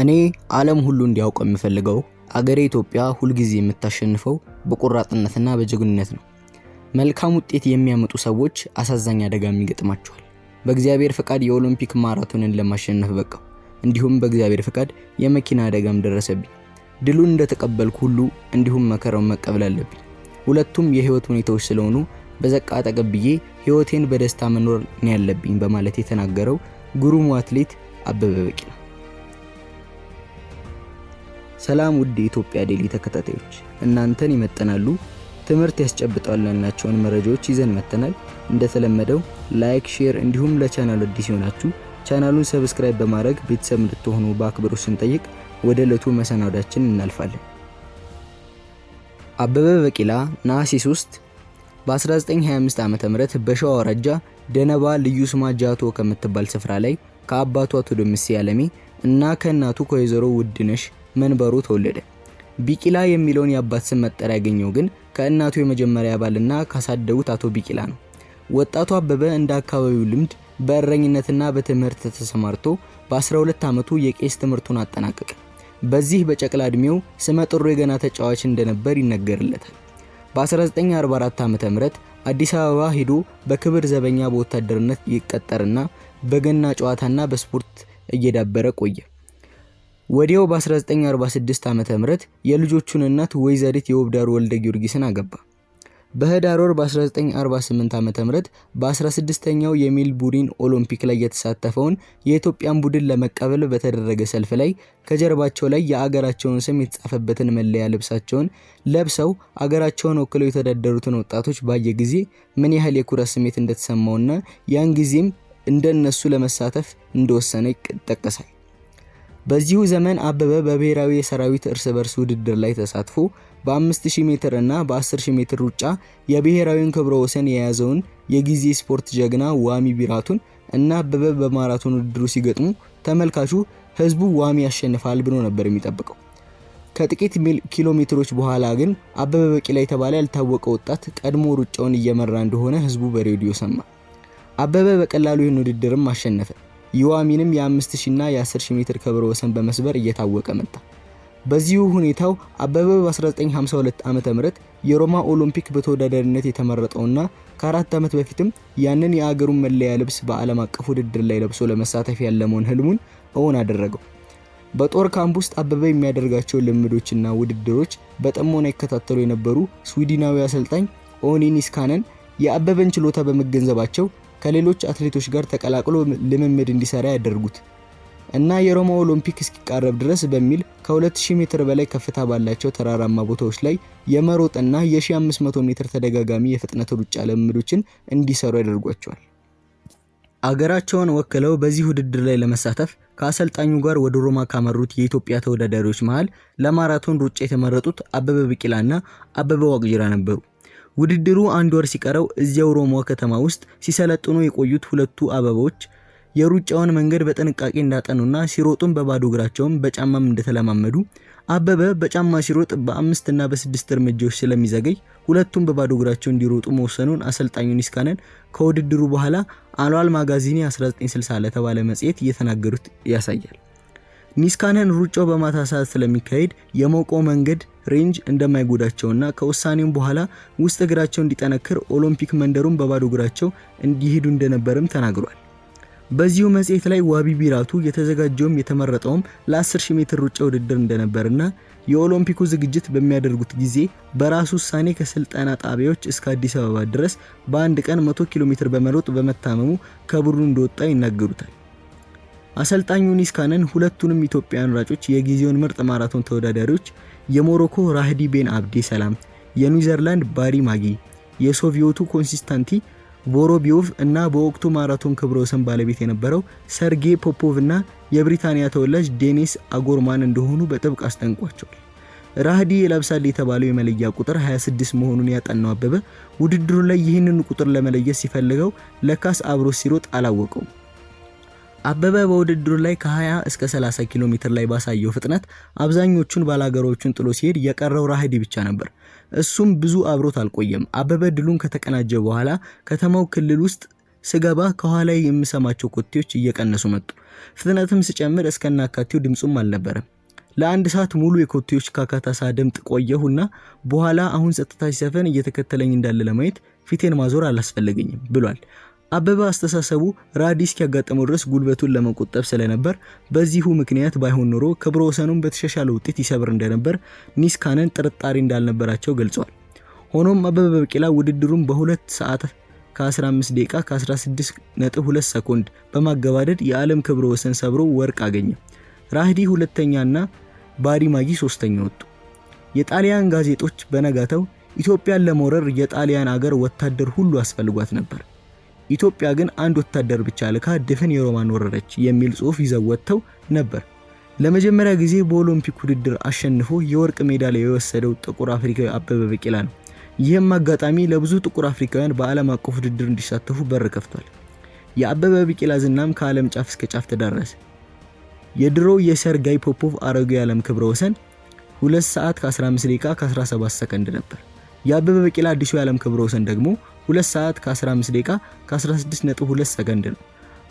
እኔ ዓለም ሁሉ እንዲያውቀው የምፈልገው አገሬ ኢትዮጵያ ሁልጊዜ የምታሸንፈው በቆራጥነትና በጀግንነት ነው። መልካም ውጤት የሚያመጡ ሰዎች አሳዛኝ አደጋም ይገጥማቸዋል። በእግዚአብሔር ፈቃድ የኦሎምፒክ ማራቶንን ለማሸነፍ በቃው። እንዲሁም በእግዚአብሔር ፈቃድ የመኪና አደጋም ደረሰብኝ። ድሉን እንደተቀበልኩ ሁሉ እንዲሁም መከራውን መቀበል አለብኝ። ሁለቱም የህይወት ሁኔታዎች ስለሆኑ በዘቃ ተቀብዬ ብዬ ህይወቴን በደስታ መኖር ነው ያለብኝ በማለት የተናገረው ግሩሙ አትሌት አበበ ቢቂላ ሰላም ውድ የኢትዮጵያ ዴሊ ተከታታዮች፣ እናንተን ይመጠናሉ ትምህርት ያስጨብጣሉ ያልናቸውን መረጃዎች ይዘን መጥተናል። እንደተለመደው ላይክ፣ ሼር እንዲሁም ለቻናሉ አዲስ የሆናችሁ ቻናሉን ሰብስክራይብ በማድረግ ቤተሰብ እንድትሆኑ በአክብሮት ስንጠይቅ ወደ ዕለቱ መሰናዳችን እናልፋለን። አበበ በቂላ ነሐሴ 3 በ1925 ዓ.ም በሸዋ ወረጃ ደነባ ልዩ ስማ ጃቶ ከምትባል ስፍራ ላይ ከአባቱ አቶ ደምሴ እና ከእናቱ ከወይዘሮ ውድነሽ መንበሩ ተወለደ። ቢቂላ የሚለውን የአባት ስም መጠሪያ ያገኘው ግን ከእናቱ የመጀመሪያ ባልና ካሳደጉት አቶ ቢቂላ ነው። ወጣቱ አበበ እንደ አካባቢው ልምድ በእረኝነትና በትምህርት ተሰማርቶ በ12 ዓመቱ የቄስ ትምህርቱን አጠናቀቀ። በዚህ በጨቅላ ዕድሜው ስመ ጥሩ የገና ተጫዋች እንደነበር ይነገርለታል። በ1944 ዓ.ም አዲስ አበባ ሄዶ በክብር ዘበኛ በወታደርነት ይቀጠርና በገና ጨዋታና በስፖርት እየዳበረ ቆየ። ወዲያው በ1946 ዓ ም የልጆቹን እናት ወይዘሪት የውብዳር ወልደ ጊዮርጊስን አገባ። በህዳር ወር በ1948 ዓ ም በ16ኛው የሜልቡሪን ኦሎምፒክ ላይ የተሳተፈውን የኢትዮጵያን ቡድን ለመቀበል በተደረገ ሰልፍ ላይ ከጀርባቸው ላይ የአገራቸውን ስም የተጻፈበትን መለያ ልብሳቸውን ለብሰው አገራቸውን ወክለው የተዳደሩትን ወጣቶች ባየ ጊዜ ምን ያህል የኩራት ስሜት እንደተሰማውና ያን ጊዜም እንደነሱ ለመሳተፍ እንደወሰነ ይጠቀሳል። በዚሁ ዘመን አበበ በብሔራዊ የሰራዊት እርስ በርስ ውድድር ላይ ተሳትፎ በ5000 ሜትር እና በ10000 ሜትር ሩጫ የብሔራዊውን ክብረ ወሰን የያዘውን የጊዜ ስፖርት ጀግና ዋሚ ቢራቱን እና አበበ በማራቶን ውድድሩ ሲገጥሙ ተመልካቹ ህዝቡ ዋሚ ያሸንፋል ብሎ ነበር የሚጠብቀው። ከጥቂት ኪሎ ሜትሮች በኋላ ግን አበበ ቢቂላ የተባለ ያልታወቀ ወጣት ቀድሞ ሩጫውን እየመራ እንደሆነ ህዝቡ በሬዲዮ ሰማ። አበበ በቀላሉ ይህን ውድድርም አሸነፈ። ዩዋሚንም የ5000 እና የ10000 ሜትር ክብረ ወሰን በመስበር እየታወቀ መጣ። በዚሁ ሁኔታው አበበ በ1952 ዓም ምህረት የሮማ ኦሎምፒክ በተወዳዳሪነት የተመረጠውና ከአራት ዓመት በፊትም ያንን የአገሩን መለያ ልብስ በዓለም አቀፍ ውድድር ላይ ለብሶ ለመሳተፍ ያለመውን ህልሙን እውን አደረገው። በጦር ካምፕ ውስጥ አበበ የሚያደርጋቸው ልምዶችና ውድድሮች በጥሞና ይከታተሉ የነበሩ ስዊድናዊ አሰልጣኝ ኦኒ ኒስካነን የአበበን ችሎታ በመገንዘባቸው ከሌሎች አትሌቶች ጋር ተቀላቅሎ ልምምድ እንዲሰራ ያደርጉት እና የሮማ ኦሎምፒክ እስኪቃረብ ድረስ በሚል ከ2000 ሜትር በላይ ከፍታ ባላቸው ተራራማ ቦታዎች ላይ የመሮጥና የ1500 ሜትር ተደጋጋሚ የፍጥነት ሩጫ ልምምዶችን እንዲሰሩ ያደርጓቸዋል። አገራቸውን ወክለው በዚህ ውድድር ላይ ለመሳተፍ ከአሰልጣኙ ጋር ወደ ሮማ ካመሩት የኢትዮጵያ ተወዳዳሪዎች መሃል ለማራቶን ሩጫ የተመረጡት አበበ ቢቂላና አበበ ዋቅጅራ ነበሩ። ውድድሩ አንድ ወር ሲቀረው እዚያው ሮሞ ከተማ ውስጥ ሲሰለጥኑ የቆዩት ሁለቱ አበቦች የሩጫውን መንገድ በጥንቃቄ እንዳጠኑና ሲሮጡም በባዶ እግራቸውም በጫማም እንደተለማመዱ አበበ በጫማ ሲሮጥ በአምስት እና በስድስት እርምጃዎች ስለሚዘገይ ሁለቱም በባዶ እግራቸው እንዲሮጡ መወሰኑን አሰልጣኙ ኒስካነን ከውድድሩ በኋላ አሏል ማጋዚኒ 1960 ለተባለ መጽሔት እየተናገሩት ያሳያል። ኒስካነን ሩጫው በማታ ሰዓት ስለሚካሄድ የሞቀው መንገድ ሬንጅ እንደማይጎዳቸውና ከውሳኔውም በኋላ ውስጥ እግራቸው እንዲጠነክር ኦሎምፒክ መንደሩን በባዶ እግራቸው እንዲሄዱ እንደነበርም ተናግሯል። በዚሁ መጽሔት ላይ ዋቢ ቢራቱ የተዘጋጀውም የተመረጠውም ለ10000 ሜትር ሩጫ ውድድር እንደነበርና የኦሎምፒኩ ዝግጅት በሚያደርጉት ጊዜ በራሱ ውሳኔ ከስልጠና ጣቢያዎች እስከ አዲስ አበባ ድረስ በአንድ ቀን 100 ኪሎ ሜትር በመሮጥ በመታመሙ ከቡድኑ እንደወጣ ይናገሩታል። አሰልጣኙ ኒስካነን ሁለቱንም ኢትዮጵያውያን ሯጮች የጊዜውን ምርጥ ማራቶን ተወዳዳሪዎች የሞሮኮ ራህዲ ቤን አብዴ ሰላም፣ የኒውዚርላንድ ባሪ ማጊ፣ የሶቪየቱ ኮንሲስታንቲ ቮሮቢዮቭ እና በወቅቱ ማራቶን ክብረ ወሰን ባለቤት የነበረው ሰርጌ ፖፖቭ እና የብሪታንያ ተወላጅ ዴኒስ አጎርማን እንደሆኑ በጥብቅ አስጠንቋቸዋል። ራህዲ የለብሳል የተባለው የመለያ ቁጥር 26 መሆኑን ያጠናው አበበ ውድድሩ ላይ ይህንን ቁጥር ለመለየት ሲፈልገው ለካስ አብሮ ሲሮጥ አላወቀውም። አበበ በውድድሩ ላይ ከ20 እስከ 30 ኪሎ ሜትር ላይ ባሳየው ፍጥነት አብዛኞቹን ባላገሮቹን ጥሎ ሲሄድ የቀረው ራህዲ ብቻ ነበር። እሱም ብዙ አብሮት አልቆየም። አበበ ድሉን ከተቀናጀ በኋላ ከተማው ክልል ውስጥ ስገባ ከኋላ የምሰማቸው ኮቴዎች እየቀነሱ መጡ። ፍጥነትም ስጨምር እስከናካቴው ድምፁም አልነበረም። ለአንድ ሰዓት ሙሉ የኮቴዎች ካካታ ሳደምጥ ቆየሁና በኋላ አሁን ጸጥታ ሲሰፈን እየተከተለኝ እንዳለ ለማየት ፊቴን ማዞር አላስፈለገኝም ብሏል። አበበ አስተሳሰቡ ራዲ እስኪያጋጥመው ድረስ ጉልበቱን ለመቆጠብ ስለነበር በዚሁ ምክንያት ባይሆን ኖሮ ክብረ ወሰኑን በተሻሻለ ውጤት ይሰብር እንደነበር ኒስካነን ጥርጣሬ እንዳልነበራቸው ገልጿል። ሆኖም አበበ ቢቂላ ውድድሩን በሁለት ሰዓት ከ15 ደቂቃ ከ 2 ሰኮንድ በማገባደድ የዓለም ክብረ ወሰን ሰብሮ ወርቅ አገኘ። ራህዲ ሁለተኛና ባሪ ማጊ ሶስተኛ ወጡ። የጣሊያን ጋዜጦች በነጋተው ኢትዮጵያን ለመውረር የጣሊያን አገር ወታደር ሁሉ አስፈልጓት ነበር ኢትዮጵያ ግን አንድ ወታደር ብቻ ልካ ድፍን የሮማን ወረረች የሚል ጽሑፍ ይዘው ወጥተው ነበር። ለመጀመሪያ ጊዜ በኦሎምፒክ ውድድር አሸንፎ የወርቅ ሜዳሊያ የወሰደው ጥቁር አፍሪካዊ አበበ ቢቂላ ነው። ይህም አጋጣሚ ለብዙ ጥቁር አፍሪካውያን በዓለም አቀፍ ውድድር እንዲሳተፉ በር ከፍቷል። የአበበ ቢቂላ ዝናም ከዓለም ጫፍ እስከ ጫፍ ተዳረሰ። የድሮው የሰርጋይ ፖፖቭ አረጉ የዓለም ክብረ ወሰን 2 ሰዓት ከ15 ደቂቃ ከ17 ሰከንድ ነበር። የአበበ ቢቂላ አዲሱ የዓለም ክብረ ወሰን ደግሞ 2 ሰዓት ከ15 ደቂቃ ከ16.2 ሰከንድ ነው።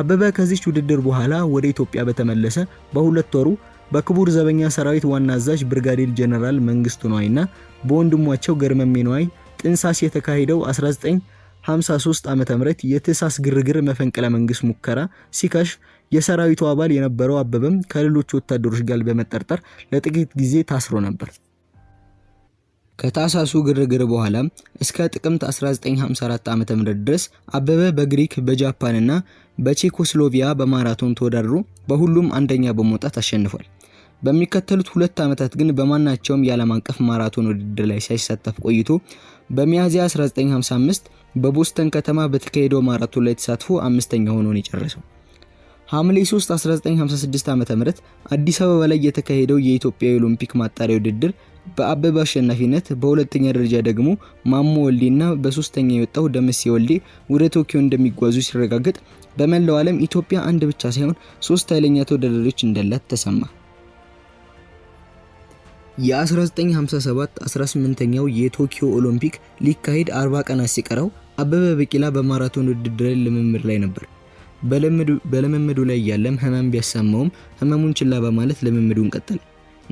አበበ ከዚች ውድድር በኋላ ወደ ኢትዮጵያ በተመለሰ በሁለት ወሩ በክቡር ዘበኛ ሰራዊት ዋና አዛዥ ብርጋዴር ጀነራል መንግስቱ ነዋይና በወንድሟቸው ገርመሜ ነዋይ ጥንሳስ የተካሄደው 1953 ዓ ም የትእሳስ ግርግር መፈንቅለ መንግስት ሙከራ ሲከሽፍ የሰራዊቱ አባል የነበረው አበበም ከሌሎች ወታደሮች ጋር በመጠርጠር ለጥቂት ጊዜ ታስሮ ነበር። ከታህሳሱ ግርግር በኋላ እስከ ጥቅምት 1954 ዓ.ም ድረስ አበበ በግሪክ በጃፓንና በቼኮስሎቪያ በማራቶን ተወዳድሮ በሁሉም አንደኛ በመውጣት አሸንፏል። በሚከተሉት ሁለት ዓመታት ግን በማናቸውም የዓለም አቀፍ ማራቶን ውድድር ላይ ሳይሳተፍ ቆይቶ በሚያዝያ 1955 በቦስተን ከተማ በተካሄደው ማራቶን ላይ ተሳትፎ አምስተኛ ሆኖ የጨረሰው። ሐምሌ 3 1956 ዓ.ም አዲስ አበባ ላይ የተካሄደው የኢትዮጵያ የኦሎምፒክ ማጣሪያ ውድድር በአበበ አሸናፊነት በሁለተኛ ደረጃ ደግሞ ማሞ ወልዴና በሶስተኛ የወጣው ደምሴ ወልዴ ወደ ቶኪዮ እንደሚጓዙ ሲረጋገጥ በመላው ዓለም ኢትዮጵያ አንድ ብቻ ሳይሆን ሶስት ኃይለኛ ተወዳዳሪዎች እንዳላት ተሰማ። የ1957 18ኛው የቶኪዮ ኦሎምፒክ ሊካሄድ 40 ቀናት ሲቀረው አበበ ቢቂላ በማራቶን ውድድር ልምምድ ላይ ነበር። በልምምዱ ላይ ያለም ህመም ቢያሰማውም ህመሙን ችላ በማለት ልምምዱን ቀጠለ።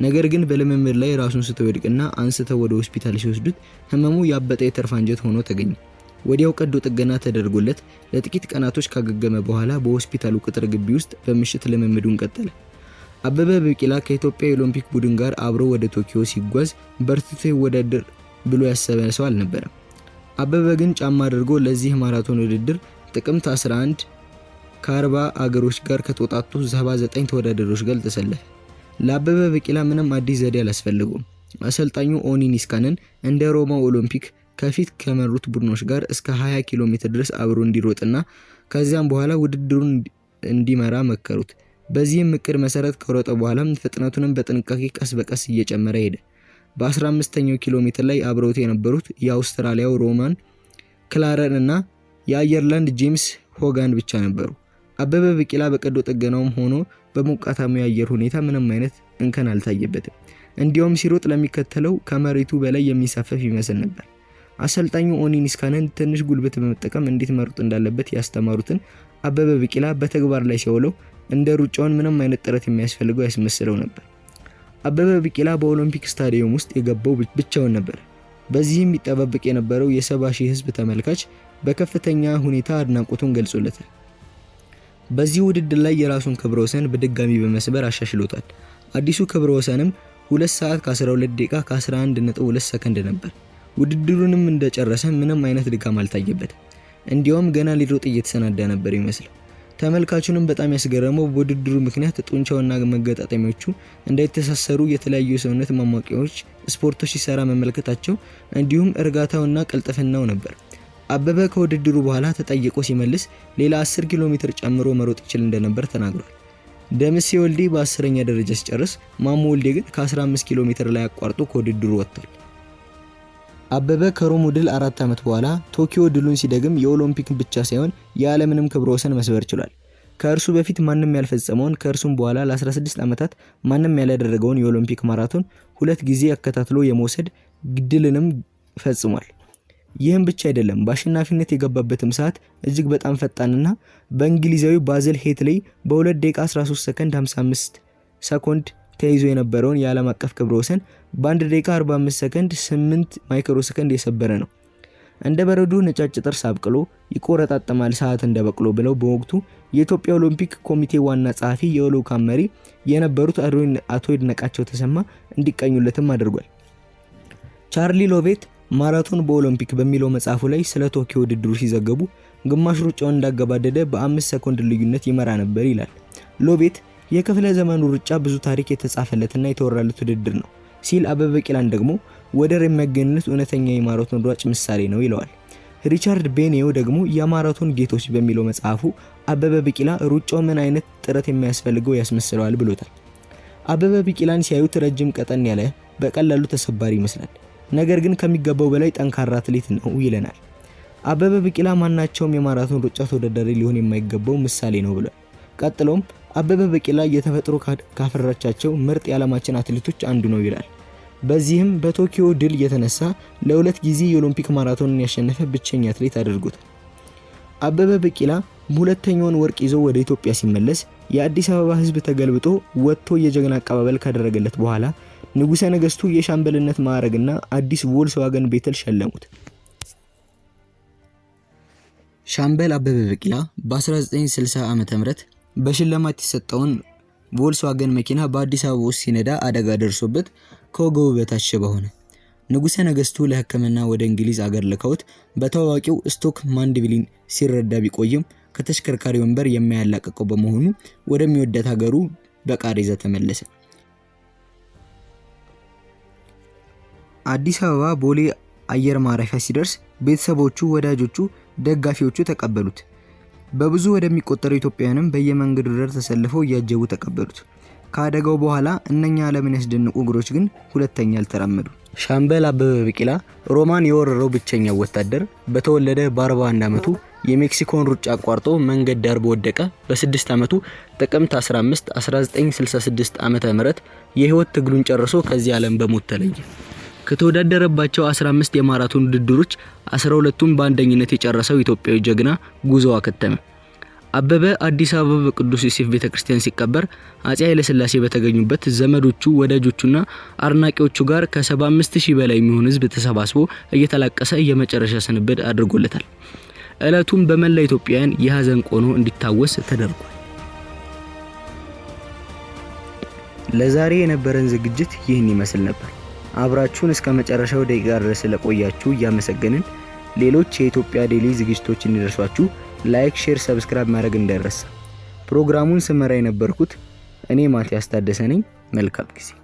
ነገር ግን በልምምድ ላይ ራሱን ስትወድቅና አንስተው ወደ ሆስፒታል ሲወስዱት ህመሙ ያበጠ የተርፍ አንጀት ሆኖ ተገኘ። ወዲያው ቀዶ ጥገና ተደርጎለት ለጥቂት ቀናቶች ካገገመ በኋላ በሆስፒታሉ ቅጥር ግቢ ውስጥ በምሽት ልምምዱን ቀጠለ። አበበ ቢቂላ ከኢትዮጵያ የኦሎምፒክ ቡድን ጋር አብሮ ወደ ቶኪዮ ሲጓዝ በርትቶ ይወዳደር ብሎ ያሰበ ሰው አልነበረም። አበበ ግን ጫማ አድርጎ ለዚህ ማራቶን ውድድር ጥቅምት 11 ከ40 አገሮች ጋር ከተወጣጡ 79 ተወዳዳሪዎች ጋር ተሰለፈ። ለአበበ ቢቂላ ምንም አዲስ ዘዴ አላስፈልገውም። አሰልጣኙ ኦኒ ኒስካንን እንደ ሮማው ኦሎምፒክ ከፊት ከመሩት ቡድኖች ጋር እስከ 20 ኪሎ ሜትር ድረስ አብሮ እንዲሮጥና ከዚያም በኋላ ውድድሩን እንዲመራ መከሩት። በዚህም እቅድ መሰረት ከሮጠ በኋላም ፍጥነቱንም በጥንቃቄ ቀስ በቀስ እየጨመረ ሄደ። በ15ኛው ኪሎ ሜትር ላይ አብረውት የነበሩት የአውስትራሊያው ሮማን ክላረን እና የአየርላንድ ጄምስ ሆጋን ብቻ ነበሩ። አበበ ቢቂላ በቀዶ ጥገናውም ሆኖ በሞቃታማ የአየር ሁኔታ ምንም አይነት እንከን አልታየበትም። እንዲያውም ሲሮጥ ለሚከተለው ከመሬቱ በላይ የሚሳፈፍ ይመስል ነበር። አሰልጣኙ ኦኒኒስካንን ትንሽ ጉልበት በመጠቀም እንዴት መሮጥ እንዳለበት ያስተማሩትን አበበ ቢቂላ በተግባር ላይ ሲያውለው እንደ ሩጫውን ምንም አይነት ጥረት የሚያስፈልገው ያስመስለው ነበር። አበበ ቢቂላ በኦሎምፒክ ስታዲየም ውስጥ የገባው ብቻውን ነበር። በዚህም ይጠባበቅ የነበረው የሰባ ሺህ ህዝብ ተመልካች በከፍተኛ ሁኔታ አድናቆቱን ገልጾለታል። በዚህ ውድድር ላይ የራሱን ክብረ ወሰን በድጋሚ በመስበር አሻሽሎታል። አዲሱ ክብረ ወሰንም 2 ሰዓት ከ12 ደቂቃ ከ11.2 ሰከንድ ነበር። ውድድሩንም እንደጨረሰ ምንም አይነት ድካም አልታየበት። እንዲያውም ገና ሊሮጥ እየተሰናዳ ነበር ይመስል። ተመልካቹንም በጣም ያስገረመው በውድድሩ ምክንያት ጡንቻውና መገጣጠሚዎቹ እንዳይተሳሰሩ የተለያዩ የሰውነት ማሟቂያዎች ስፖርቶች ሲሰራ መመልከታቸው እንዲሁም እርጋታውና ቅልጥፍናው ነበር። አበበ ከውድድሩ በኋላ ተጠይቆ ሲመልስ ሌላ 10 ኪሎ ሜትር ጨምሮ መሮጥ ይችል እንደነበር ተናግሯል። ደምሴ ወልዴ በአስረኛ ደረጃ ሲጨርስ ማሞ ወልዴ ግን ከ15 ኪሎ ሜትር ላይ አቋርጦ ከውድድሩ ወጥቷል። አበበ ከሮሙ ድል አራት ዓመት በኋላ ቶኪዮ ድሉን ሲደግም የኦሎምፒክ ብቻ ሳይሆን የዓለምንም ክብረ ወሰን መስበር ችሏል። ከእርሱ በፊት ማንም ያልፈጸመውን ከእርሱም በኋላ ለ16 ዓመታት ማንም ያላደረገውን የኦሎምፒክ ማራቶን ሁለት ጊዜ አከታትሎ የመውሰድ ድልንም ፈጽሟል። ይህም ብቻ አይደለም፣ በአሸናፊነት የገባበትም ሰዓት እጅግ በጣም ፈጣንና በእንግሊዛዊ ባዘል ሄትሌይ በ2 ደቂቃ 13 ሰከንድ 55 ሰኮንድ ተይዞ የነበረውን የዓለም አቀፍ ክብረ ወሰን በ1 ደቂቃ 45 ሰከንድ 8 ማይክሮ ሰከንድ የሰበረ ነው። እንደ በረዶ ነጫጭ ጥርስ አብቅሎ ይቆረጣጠማል ሰዓት እንደ በቅሎ ብለው በወቅቱ የኢትዮጵያ ኦሎምፒክ ኮሚቴ ዋና ጸሐፊ የልዑካን መሪ የነበሩት አቶ ይድነቃቸው ተሰማ እንዲቀኙለትም አድርጓል። ቻርሊ ሎቬት ማራቶን በኦሎምፒክ በሚለው መጽሐፉ ላይ ስለ ቶኪዮ ውድድሩ ሲዘገቡ ግማሽ ሩጫውን እንዳገባደደ በአምስት ሰኮንድ ልዩነት ይመራ ነበር ይላል። ሎቤት የክፍለ ዘመኑ ሩጫ ብዙ ታሪክ የተጻፈለትና የተወራለት ውድድር ነው ሲል፣ አበበ ቂላን ደግሞ ወደር የሚያገኝለት እውነተኛ የማራቶን ሯጭ ምሳሌ ነው ይለዋል። ሪቻርድ ቤኔዮ ደግሞ የማራቶን ጌቶች በሚለው መጽሐፉ አበበ ቢቂላ ሩጫው ምን አይነት ጥረት የሚያስፈልገው ያስመስለዋል ብሎታል። አበበ ቢቂላን ሲያዩት ረጅም፣ ቀጠን ያለ በቀላሉ ተሰባሪ ይመስላል። ነገር ግን ከሚገባው በላይ ጠንካራ አትሌት ነው ይለናል። አበበ ቢቂላ ማናቸውም የማራቶን ሩጫ ተወዳዳሪ ሊሆን የማይገባው ምሳሌ ነው ብሏል። ቀጥሎም አበበ ቢቂላ የተፈጥሮ ካፈራቻቸው ምርጥ የዓለማችን አትሌቶች አንዱ ነው ይላል። በዚህም በቶኪዮ ድል የተነሳ ለሁለት ጊዜ የኦሎምፒክ ማራቶንን ያሸነፈ ብቸኛ አትሌት አድርጎታል። አበበ ቢቂላ ሁለተኛውን ወርቅ ይዞ ወደ ኢትዮጵያ ሲመለስ የአዲስ አበባ ሕዝብ ተገልብጦ ወጥቶ የጀግና አቀባበል ካደረገለት በኋላ ንጉሠ ነገሥቱ የሻምበልነት ማዕረግና አዲስ ቮልስዋገን ቤተል ሸለሙት። ሻምበል አበበ ቢቂላ በ1960 ዓ.ም በሽልማት የሰጠውን ቮልስዋገን መኪና በአዲስ አበባ ውስጥ ሲነዳ አደጋ ደርሶበት ከወገቡ በታች ሽባ ሆነ። ንጉሠ ነገሥቱ ለሕክምና ወደ እንግሊዝ አገር ልከውት በታዋቂው ስቶክ ማንድቪሊን ሲረዳ ቢቆይም ከተሽከርካሪ ወንበር የማያላቀቀው በመሆኑ ወደሚወደት ሀገሩ በቃሬዛ ተመለሰ። አዲስ አበባ ቦሌ አየር ማረፊያ ሲደርስ ቤተሰቦቹ፣ ወዳጆቹ፣ ደጋፊዎቹ ተቀበሉት። በብዙ ወደሚቆጠሩ ኢትዮጵያውያንም በየመንገዱ ዳር ተሰልፈው እያጀቡ ተቀበሉት። ከአደጋው በኋላ እነኛ ዓለምን ያስደንቁ እግሮች ግን ሁለተኛ አልተራመዱ። ሻምበል አበበ ቢቂላ ሮማን የወረረው ብቸኛው ወታደር በተወለደ በ41 ዓመቱ የሜክሲኮን ሩጫ አቋርጦ መንገድ ዳር በወደቀ በ6 ዓመቱ ጥቅምት 15 1966 ም የህይወት ትግሉን ጨርሶ ከዚህ ዓለም በሞት ተለየ። ከተወዳደረባቸው 15 የማራቶን ውድድሮች 12ቱን በአንደኝነት የጨረሰው ኢትዮጵያዊ ጀግና ጉዞ አከተመ። አበበ አዲስ አበባ በቅዱስ ዮሴፍ ቤተክርስቲያን ሲቀበር ሲቀበር ኃይለ ኃይለሥላሴ በተገኙበት ዘመዶቹ፣ ወዳጆቹና አድናቂዎቹ ጋር ከ75000 በላይ የሚሆን ሕዝብ ተሰባስቦ እየተላቀሰ የመጨረሻ ስንብት አድርጎለታል። ዕለቱም በመላ ኢትዮጵያውያን የሀዘን ቆኖ እንዲታወስ ተደርጓል። ለዛሬ የነበረን ዝግጅት ይህን ይመስል ነበር። አብራችሁን እስከ መጨረሻው ደቂቃ ድረስ ስለቆያችሁ እያመሰገንን ሌሎች የኢትዮጵያ ዴሊ ዝግጅቶች እንዲደርሷችሁ ላይክ፣ ሼር፣ ሰብስክራይብ ማድረግ እንዳይረሳ። ፕሮግራሙን ስመራ የነበርኩት እኔ ማቲያስ ታደሰ ነኝ። መልካም ጊዜ